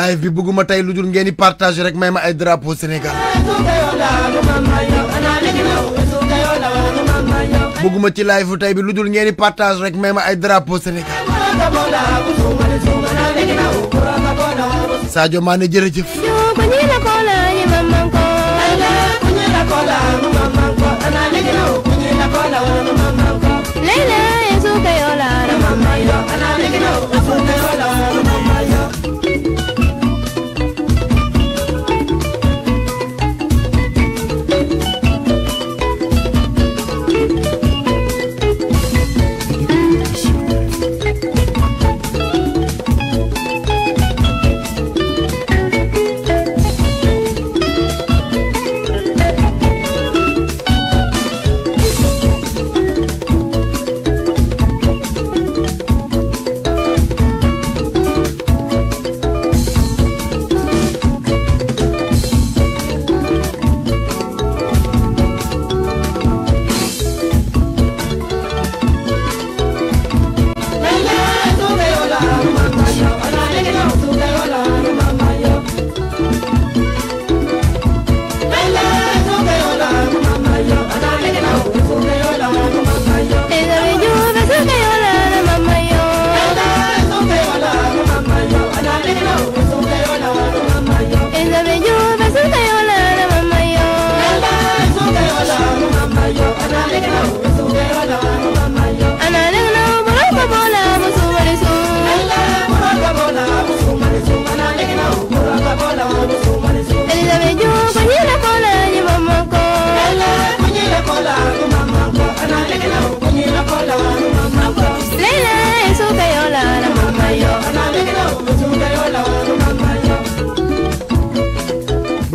live bi bëgguma tay lu dul ngeen partager rek may ma ay drapeau Sénégal bëgguma ci live tay bi lu ngeen partager rek may ma ay drapeau Sénégal Sadio Mané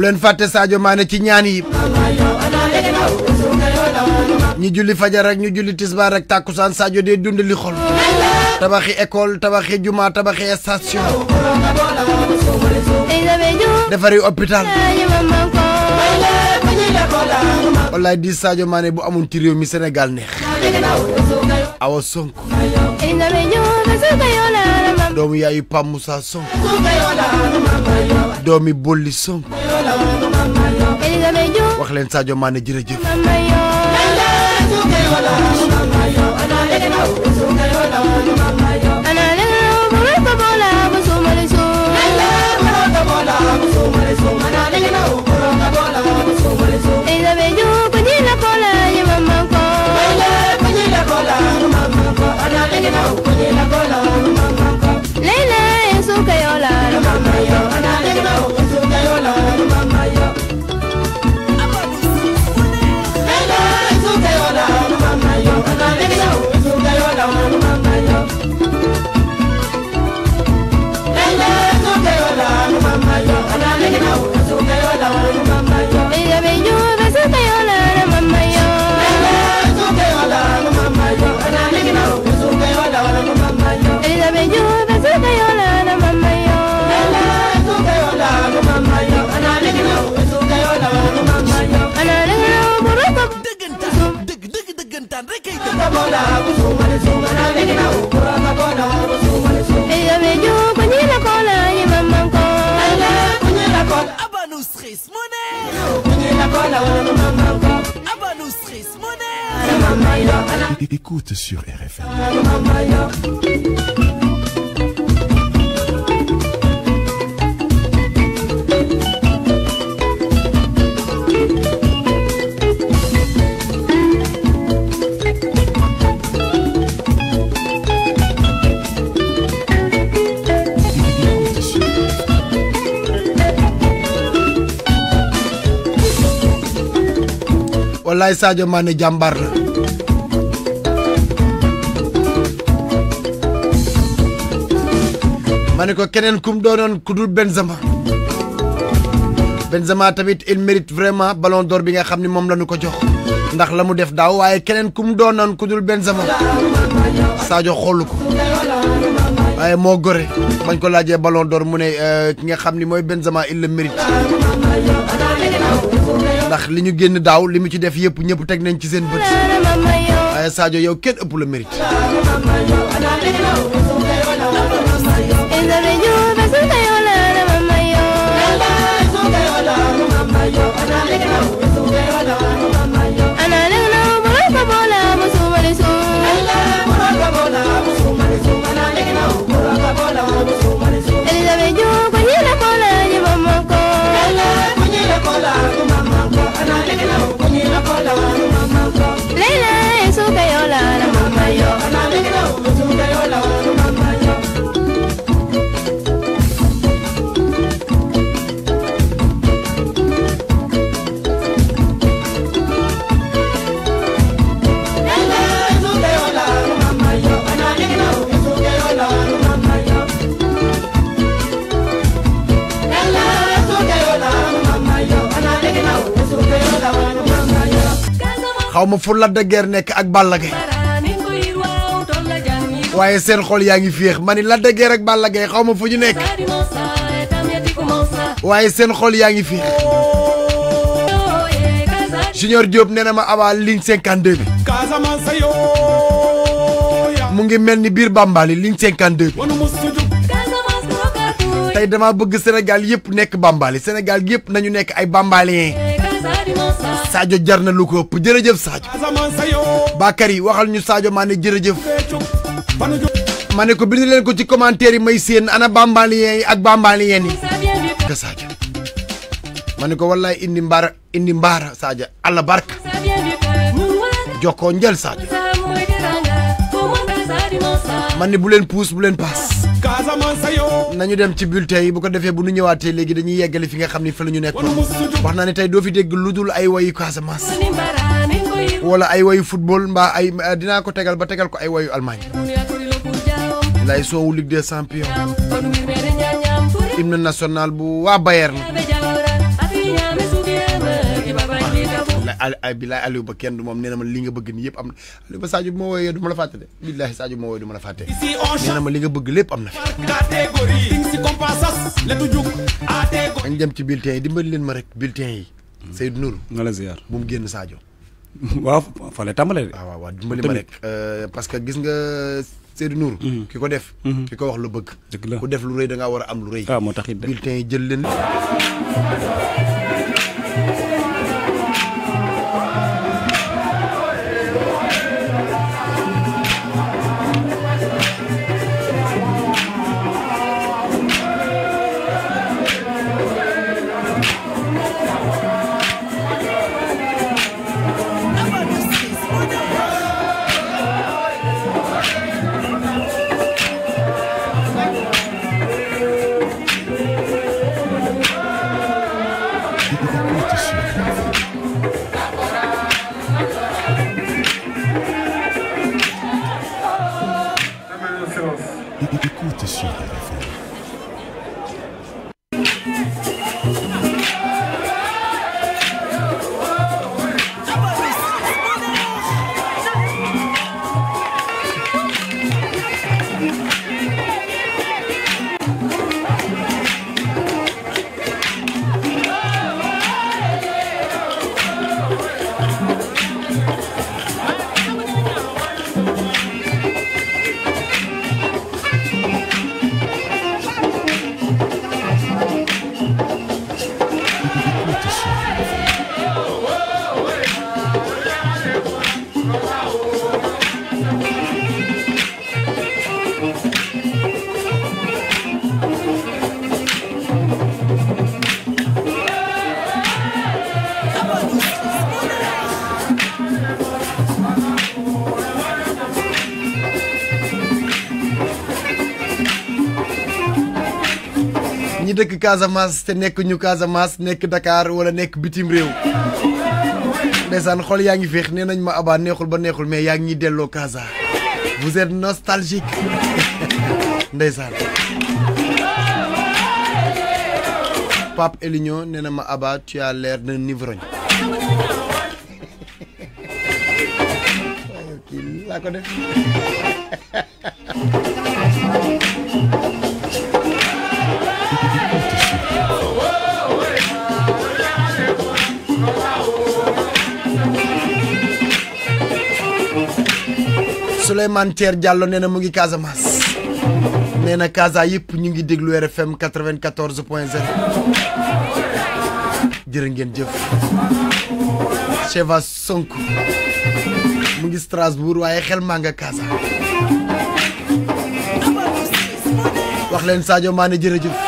leen fàtte Sadio maane ci ñaan yi ñi julli fajar ak ñu julli tisbaar ak tàkkusaan dee dund li xol tabaxi ekol tabaxi juma tabaxi station defari hôpital wallaay di Sadio Mané bu amoon ci réew mi senegal neex awa doomu yaayu Pape Moussa Sonko doomi Bolli Sonko wax leen Sadio Mané jërëjëf Écoute sur RFM. wallaay saajo maane jàmbaar la ma ne ko keneen kum doonoon ku dul Benzema Benzema tamit il mérite vraiment ballon door bi nga xam ne moom la ñu ko jox ndax la mu def daaw waaye keneen kum doonoon ku dul Benzema Sadio xoolu ko waaye moo gore bañ ko laajee ballon d'or mu ne euh, ki nga xam ni mooy Benzema il le mérite li ñu génn daaw li mu ci def yëpp ñëpp teg nañ ci seen bët waaye Sadio yow kenn ëpp la mérite. Yo, làmb fu Lac de nekk ak ballage waaye seen xol yaa ngi féex ma ni Lac de Guiers ak Balla Gaye xaw ma fu ñu nekk waaye seen xol yaa ngi féex Junior Diop nee na ma abaa ligne 52 bi mu ngi mel ni biir Bambali ligne 52 bi tey dama bëgg senegal yëpp nekk Bambali senegal yëpp nañu nekk ay Bambalien saajo jar na lu ko ëpp jërëjëf Sadio. Bakary waxal ñu saajo Mané jërëjëf. ma ne ko bind ci commentaire yi may séen ana bambalien yi ak bambalien yi. ka Sadio. ma ne ko wallaay indi mbaara indi mbaara Sadio allah barka. jokkoo njël Sadio. man ne leen puus bu leen paas. nañu dem ci bulletin yi bu ko defee bu nu ñëwaatee léegi dañuy yeggali fi nga xam ni fa ñu nekk wax naa ne tey doo fi dégg lu dul ay wayu Casamance wala ay wayu football mbaa ay euh, dinaa ko tegal ba tegal ko ay wayu Allemagne lay soowu Ligue des champions hymne national bu waa na ay bilaay Aliou ba kenn du moom nee na ma li nga bëgg nii yëpp am na Aliou ba Sadio bi ma wooyee du ma la fàtte de billaahi Sadio bi ma wooyee du ma la fàtte nee na ma li nga bëgg lépp am na fi añ ci bulletin yi dimbali leen ma rek bulletin yi Seydou Nour nga la ziar bu mu génn Sadio waaw fale tàmbale de waaw ah, waaw waaw dimbali ma rek euh, parce que gis nga Seydou Nour mm-hmm. ki ko def mm-hmm. ki ko wax lu bëgg ku def lu rëy da ngaa war a am lu rëy ah, bulletin yi jël leen dëkk Casamance te nekk ñu Casamance nekk dakaar wala nekk bitim réew ndeysaan xol yaa ngi féex nee nañ ma abaa neexul ba neexul mais yaa ngi delloo Casa vous êtes nostalgique ndeysaan Pape Elignon nee na ma Abba tu as l'air laa ko def Souleymane Thier Diallo nee na mu ngi Casamance nee na Casa yëpp ñu ngi déglu RFM 94 point 0 jërë ngeen jëf. Cheva Sonko mu ngi Strasbourg waaye xel maa nga Casa wax leen Sadio Mané jërëjëf.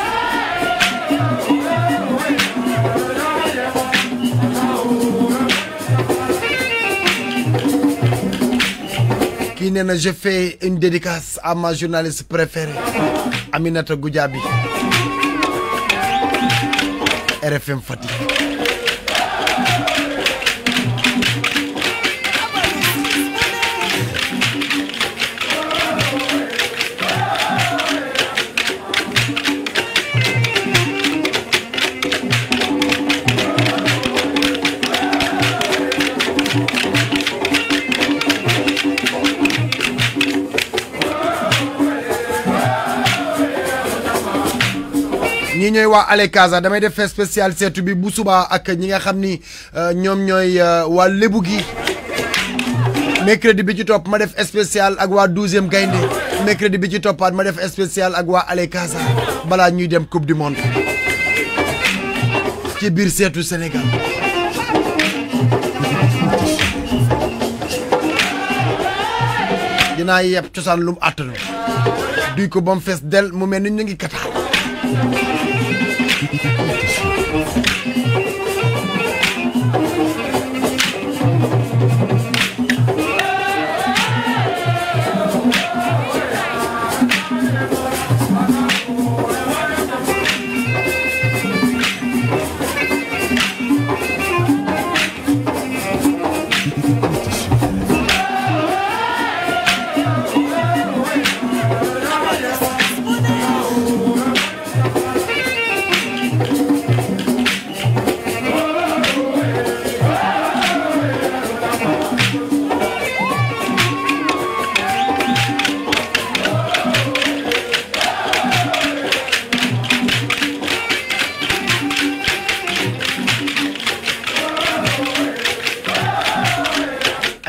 je fais une dédicace à ma journaliste préférée Aminata Goudiaby RFM Fatih. ñi ñooy waa Ale Casa damay def fee spécial seetu bi bu subaa ak ñi nga xam ni euh, ñoom ñooy euh, waa lébu gi mercredi bi ci topp ma def spécial ak waa douzième gaynde mercredi bi ci toppaat ma def spécial ak waa Ale Casa balaa ñuy dem coupe du monde ci biir seetu Sénégal dina yeb cosaan lu mu àttanu duy ko ba mu fees del mu mel ni ñu ngi Qatar Thank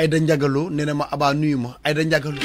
Aïda Ndiagaloo nee na ma abaa nuyu ma Aïda Ndiagaloo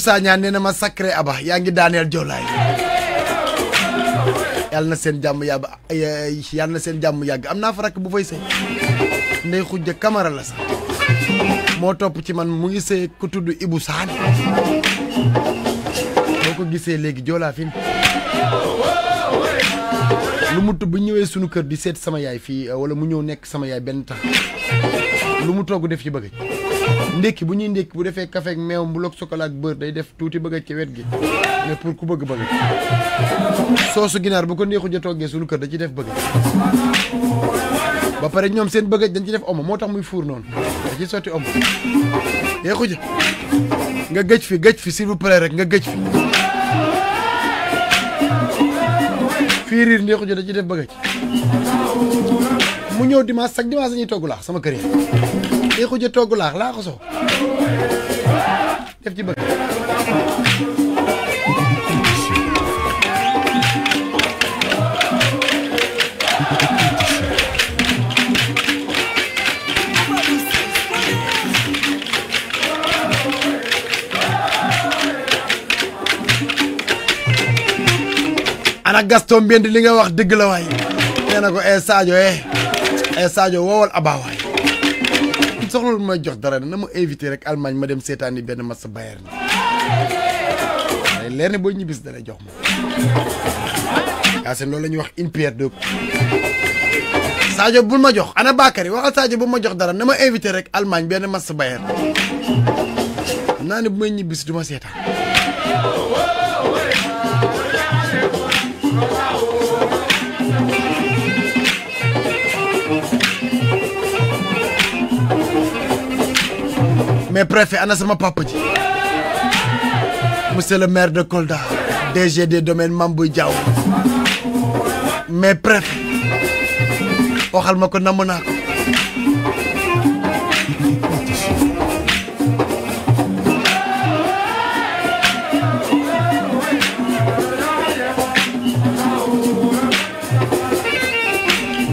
Sagna nee na ma sacré Aba yaa ngi daaneel Jolaay yàlla na seen jàmm yàgg yàlla na seen jàmm yàgg am naa fa rakk bu fay sëy ndey xujja Kamara la sax moo topp ci man mu ngi sëy ku tudd ibu Sane boo ko gisee léegi Jolaa fi lu mu bu ñëwee sunu kër di seet sama yaay fii wala mu ñëw nekk sama yaay benn tax lu mu togg def ci bëgg. ndékki bu ñuy ndékki bu defee café ak meew mbuloog chocolat ak day def tuuti bëgg ci wet gi mais pour ku bëgg bëgg soosu ginaar bu ko neexu ja toggee suñu kër da ci def bëgg ba pare ñoom seen bëgg dañ ci def omo moo tax muy fuur noonu da ci sotti omo yeexu eh, nga gëj fi gëj fi s'il vous plaît rek nga gëj fi fii riir neexu ja da ci def bëgg mu ñëw dimanche chaque dimanche dañuy togg laax sama kër day xuj a togg laax laa ana Gaston Mbend li nga wax dëgg la waay nee na ko e Sadio e e Sadio woowal man soxla may jox dara na ma invité rek Allemagne ma dem seetaani benn match Bayern day leer ne boo ñibbis dalay jox ma Yacine loolu la ñuy wax une pierre deux bul ma jox ana Bakary waxal Sadio bu ma jox dara na ma invité rek Allemagne benn match Bayern naa ne bu may ñibbis du ma seetaan mais préfet ana sama papa ji monsieur le maire de Kolda DG des domaines Mame Boye Diao mais ma ko namm naa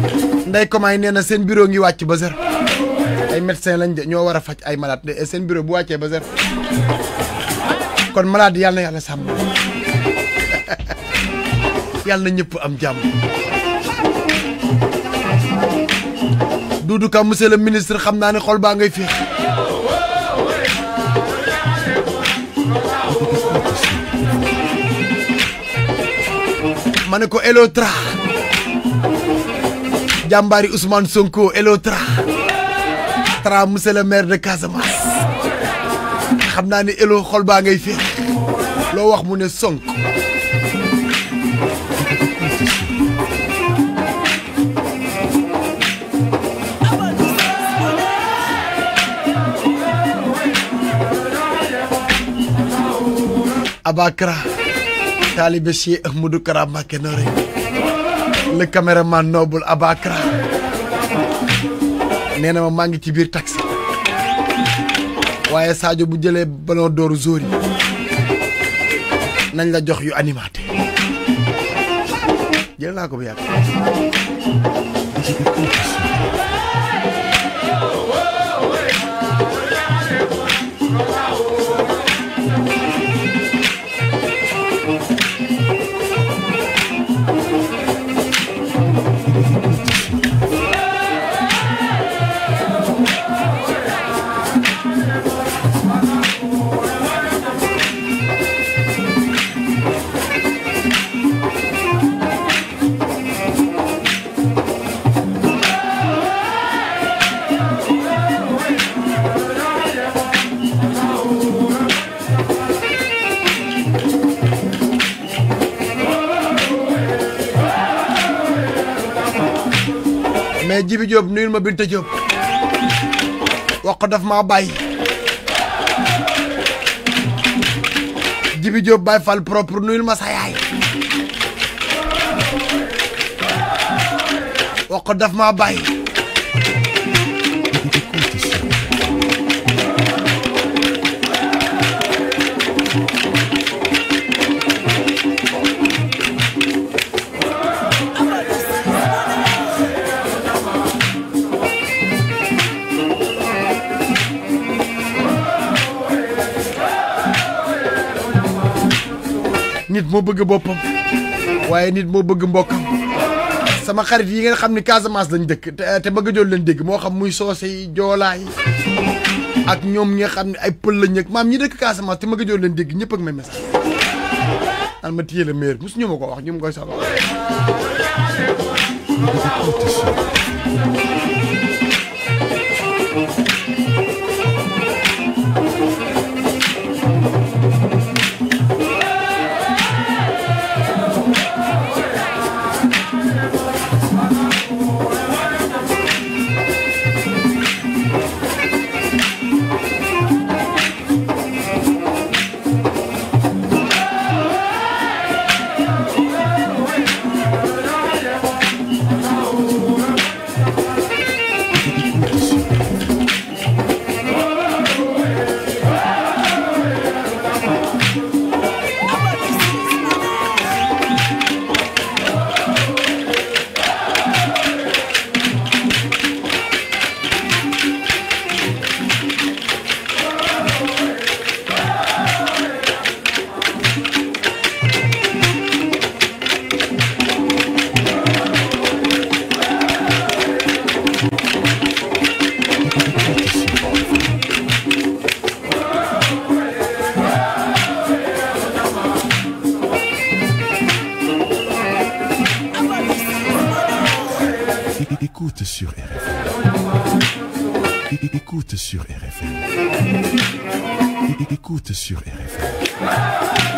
ko nday comment yi nee na seen bureau ngi wàcc ba zéro médecin lañ de ñoo war a faj ay malade de seen bureau bu wàccee ba set kon malade yàlla na yàlla sàmm yàlla na ñëpp am jàmm Doudou Ka monsieur le ministre xam naa ne xol baa ngay fi ma ne ko Elotra jàmbaari Ousmane Sonko Elotra Ouattara monsieur le maire de Casamance xam naa ne Elo xol baa ngay féex loo wax mu ne sonk Abakra taalibe Cheikh Ahmadou Kara Mbacké Noreyni le caméraman noble Abakra nee na ma maa ngi ci biir taxi waaye Sadio bu jëlee ballon door Zori nañ la jox yu animaté jël naa ko bu yàgg Djibi Diop nuyul ma Binta Diop wax daf maa bàyyi Djibi Diop Baye Fall propre nuyul ma sa yaay wax daf maa bàyyi moo bëgg boppam waaye nit moo bëgg mbokkam sama xarit yi nga xam ni Casamance lañ dëkk te bëgg jool lañ dégg moo xam muy soose yi joolaa ak ñoom ñi nga xam ne ay pël lañ ak maam ñi dëkk Casamance te bëgg jool lañ dégg ñëpp ak may message an ma téye la maire ko wax ñu ma koy soxla Écoute sur RFM. Écoute sur RFM. Écoute sur RFM.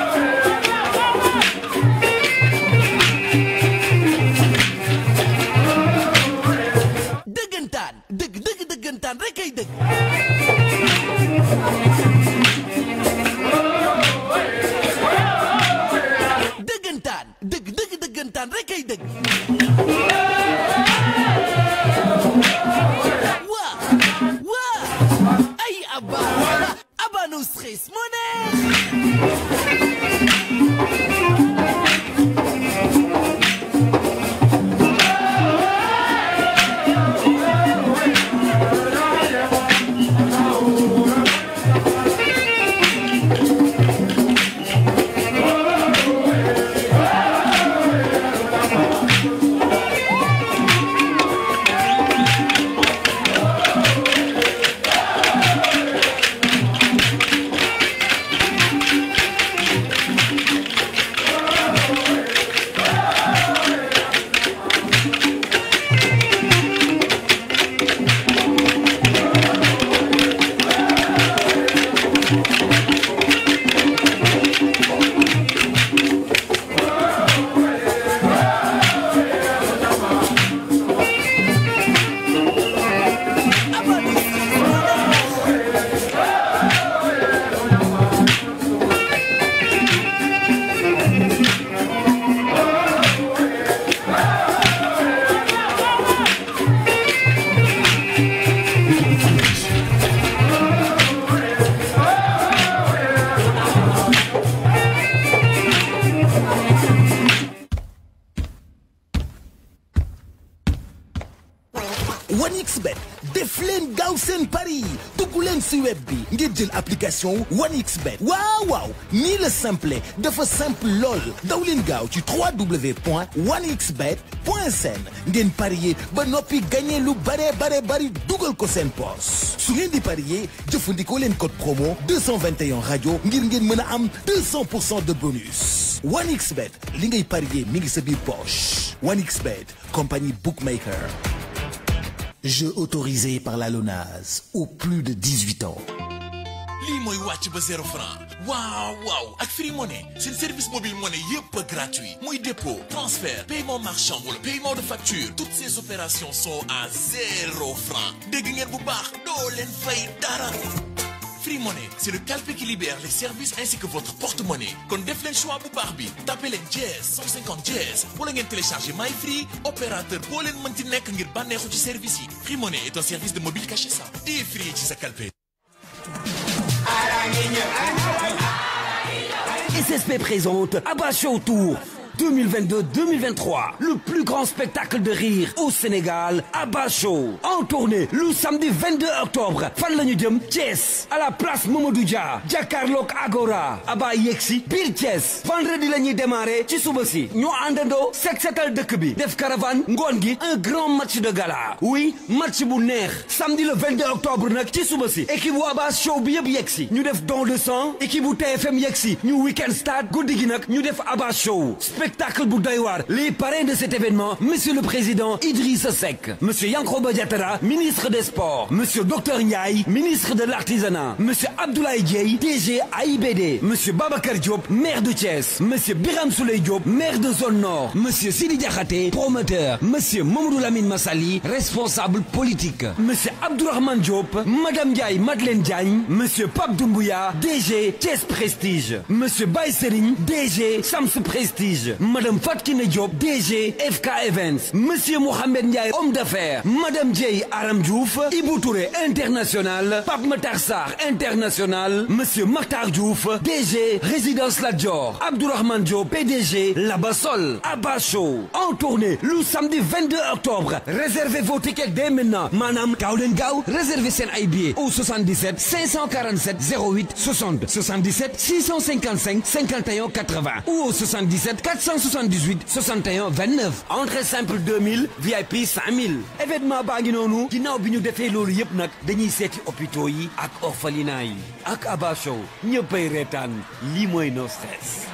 Ou 1xBet waouh! waouh, nii la de dafa simple lol. daw tu gaaw ci xbetsn parier ba nopi gagné lu bare bare bari Google ko Post. Souvenez su ngeen di parier jëfandikoo leen code promo 221 radio, ngir ngeen mën am 200 de bonus 1xBet li ngay parier mi ngi poche 1xBet compagnie bookmaker. Jeu autorisé par la LONAS, au plus de 18 ans lii mooy wàcc ba zéro franc waaw waaw ak Free Money seen service mobile money yépp gratuit muy dépôt transfert paiement marchand wala paiement de facture toutes ces opérations sont à zéro franc dégg ngeen bu baax doo leen fay dara Free Money, c'est le calpe qui libère les services ainsi que votre porte-monnaie. Quand def leen choix bu baax bi, tapez leen dièse 150 jazz wala ngeen télécharger My Free, opérateur boo leen mënti nekk ngir bànneexu ci service yi. Free Money est un service de mobile caché ça. Di Free ci sa calpe. SSP présente Abat Show Tour 2022-2023. Le plus grand spectacle de rire au Sénégal, Abba Show. En tournée, le samedi 22 octobre, fan de l'année à la place Mamadou Dia Lok Agora Abba Yexi, Bill Chess vendredi la Demaré démarrer ci suba si ñu àndandoo def caravan Nguangi un grand match de gala oui match bu samedi le 22 octobre Nak équipe Abba Show bi yëpp Yexi. def don de sang équipe TFM Yexi. ñu weekend start goodiginak. gi def Abba Show spectacle Bouddhaïwar. Les parrains de cet événement, Monsieur le Président Idriss Seck, Monsieur Yankroba Diatara, ministre des Sports, Monsieur Dr Ndiaye, ministre de l'Artisanat, Monsieur Abdoulaye Dieye, DG AIBD, Monsieur Babakar Diop, maire de Thiès, Monsieur Biram Souley maire de zone nord, Monsieur Sidi Diakhaté, promoteur, Monsieur Mamadou Lamine Massali, responsable politique, Monsieur Abdourahmane Diop, Madame Diaye Madeleine Diagne, Monsieur Pape Doumbouya, DG Thiès Prestige, Monsieur Baye DG Sams Prestige, Madame Fatkine Diop, DG FK Events, Monsieur Mohamed Ndiaye, homme d'affaires, Madame Jay Aram Diouf, international, Pape international, Monsieur Matar Diouf, DG Résidence Dior Abdourahman Diop, PDG Labasol, Show en tournée le samedi 22 octobre. Réservez vos tickets dès maintenant. Madame Kaulengau, réservez sen au 77 547 08 60 77 655 51 80 ou au 77 400 178, 61 29 entrée simple 2000 VIP 5000 événement baa ngi nous biñu défé lolu yépp nak dañuy séti hôpitaux yi ak orphelinat yi ak Abba Show rétane li moy stress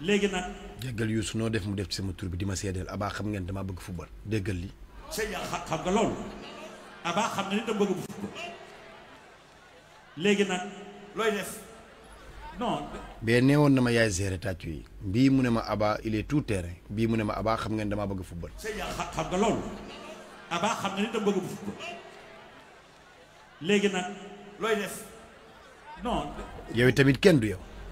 léegi nag. jéggal Youssou noo def mu def ci sama tur bi di ma seedeel abaa xam ngeen damaa bëgg football déggal li. sëñ na ni dama bëgg léegi nag looy def non. na ma yaay gérer yi bii mu ne ma abaa il est tout terrain bii mu ne ma abaa xam ngeen damaa bëgg football. sëñ xam nga na ni yow tamit kenn du yow.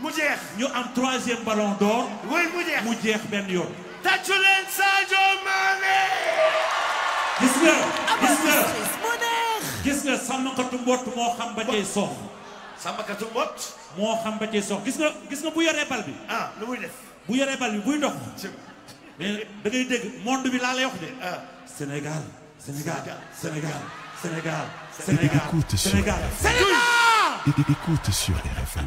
Nous nous ñu troisième ballon d'or oui mu sûr. Benio. Sadio ah monde Sénégal Sénégal Sénégal Sénégal Sénégal Sénégal Sénégal. Écoute sur RFM.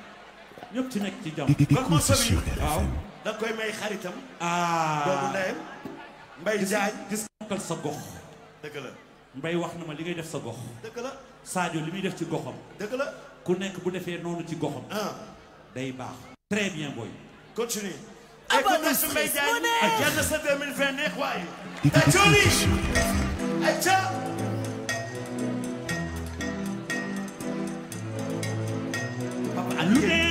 ñëpp ci ci jàmm. di di concessionnaire FM waaw da koy may xaritam. doomu ndeyam Mbaye Diagne gis nga sa gox. dëgg la Mbaye wax na ma li ngay def sa gox. dëgg la Sadio li def ci goxam. dëgg la ku nekk bu defee noonu ci goxam. day baax. très bien booy. continue. abonné su Mbaye Diagne ak yenn sa 2020 neex waaye. di di concessionnaire Lunes.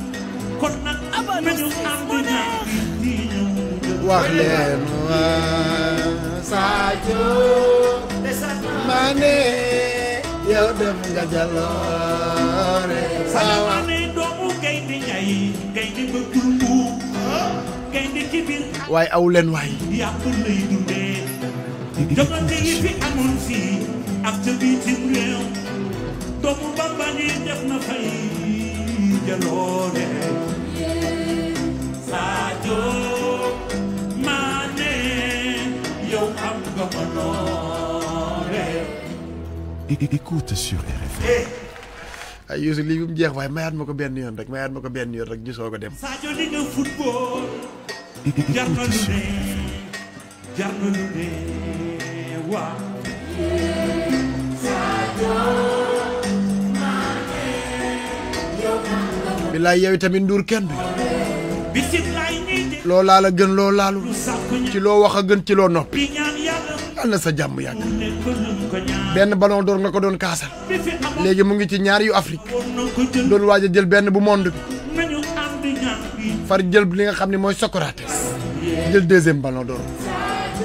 kon nak nañu ànd ñaar di ñëw wax leen ma Sadio Mané yow di nga jaloore di Mané doomu gaynde ñay gaynde bëggul mu gaynde ci biir waaye aw fi def na fay écoute sur ay Youssou lii bi mu jeex waaye mayaat ma ko benn yoon rek mayaat ko benn rek ñu soog a dem. Sadio li nga tamit nduur kenn du. loo laal a gën loo laalu ci loo wax a gën ci loo noppi yal na sa jàmm yàgg benn balon d'or nga ko doon kaasal léegi mu ngi ci ñaar yu Afrique doon waaj jël benn bu monde bi far jël li nga xam ni mooy Socrates jël deuxième ballon d'or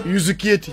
Yusu Kieti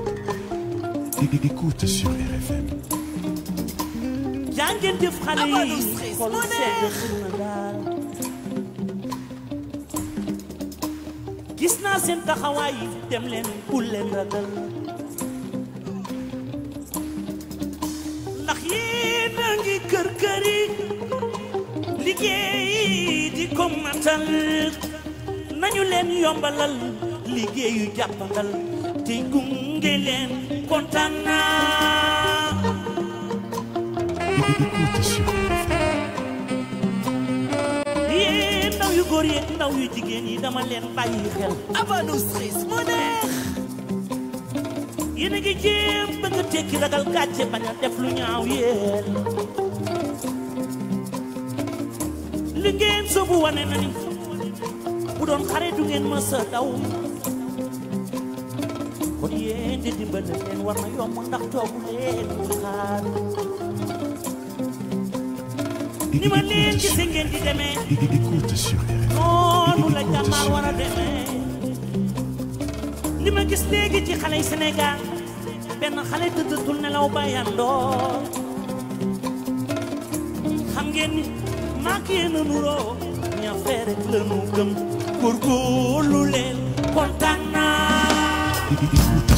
di di écoute sur RFM jaa ngeen jëf dem ragal ngi kër kër yi liggéey di ko matal nañu yombalal liggéeyu jàppandal te gunge leen kontaan naa yee ndaw yu góor yeeg ndaw yu jigéen yi dama leen bàyyi xel abadou siis moo neex yéen ngi jéem bëgg a tekki ragal gàcce bañ def lu ñaaw yéen li soobu wane na ni bu doon xare du ngeen mës daw bënn war na yomb ndax coobu leen mu ni ma leen gisee ngeen di demee noonu la jàmmaar war a demee li ma gis léegi ci xale yi Sénégal benn xale tëddatul nelaw bàyyandoo xam ngeen ni maak yéen a nuroo ña fee rek la nu gëm góorgóorlu leen kontaan naa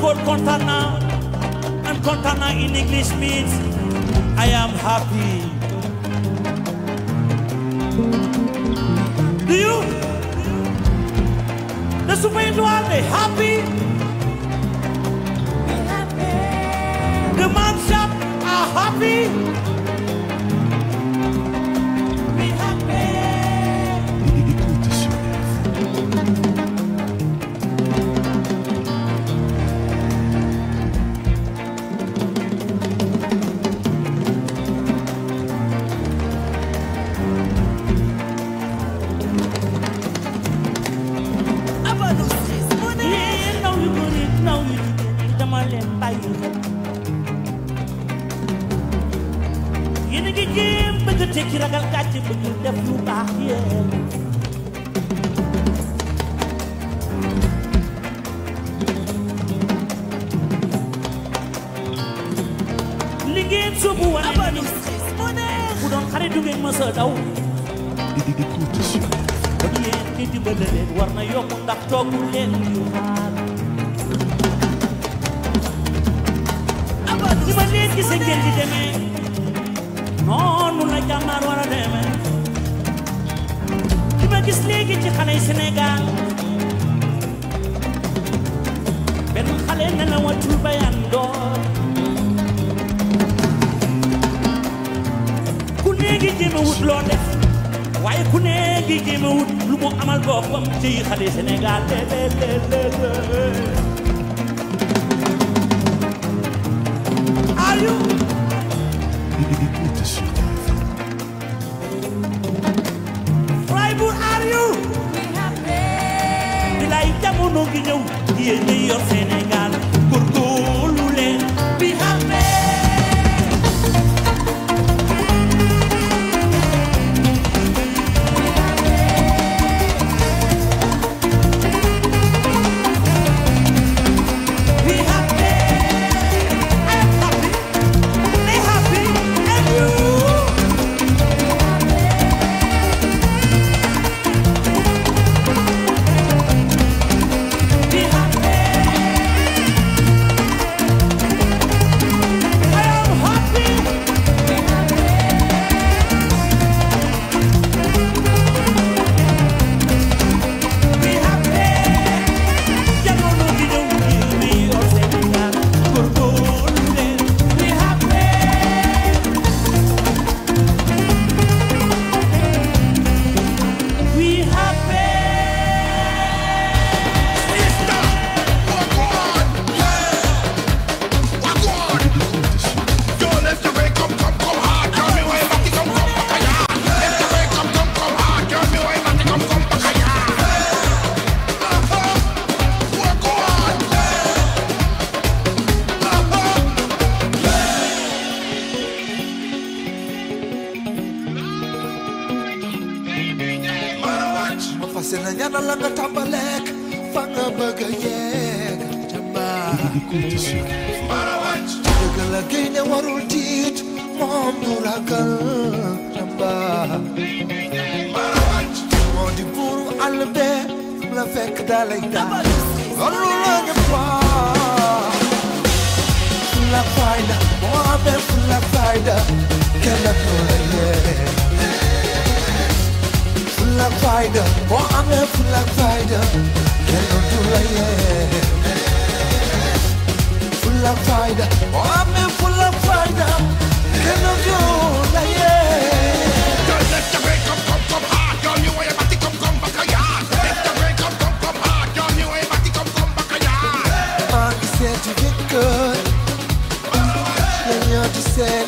called Contana. And Contana in English means I am happy. Do you? The Supreme are happy? happy? The man shop are happy? gise ku néegi jéem a loo def waaye ku néegi jéem a lu mu amal boppam ci xale yi Sénégal léeg jamono gi ñëw yéen ñi yor Sénégal Full of pride, oh i full of pride Cannot do like yeah Full of pride, oh i full of pride Cannot do like yeah Don't let the break up, come, come hard Don't you come, come back a yard Let the break up, come, come hard Don't you come, come back a yard Man, said you get good Then you're just said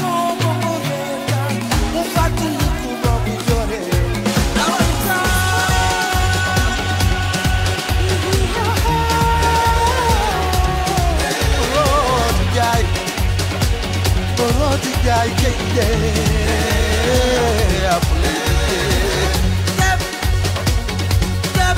yeah get there. Step, step,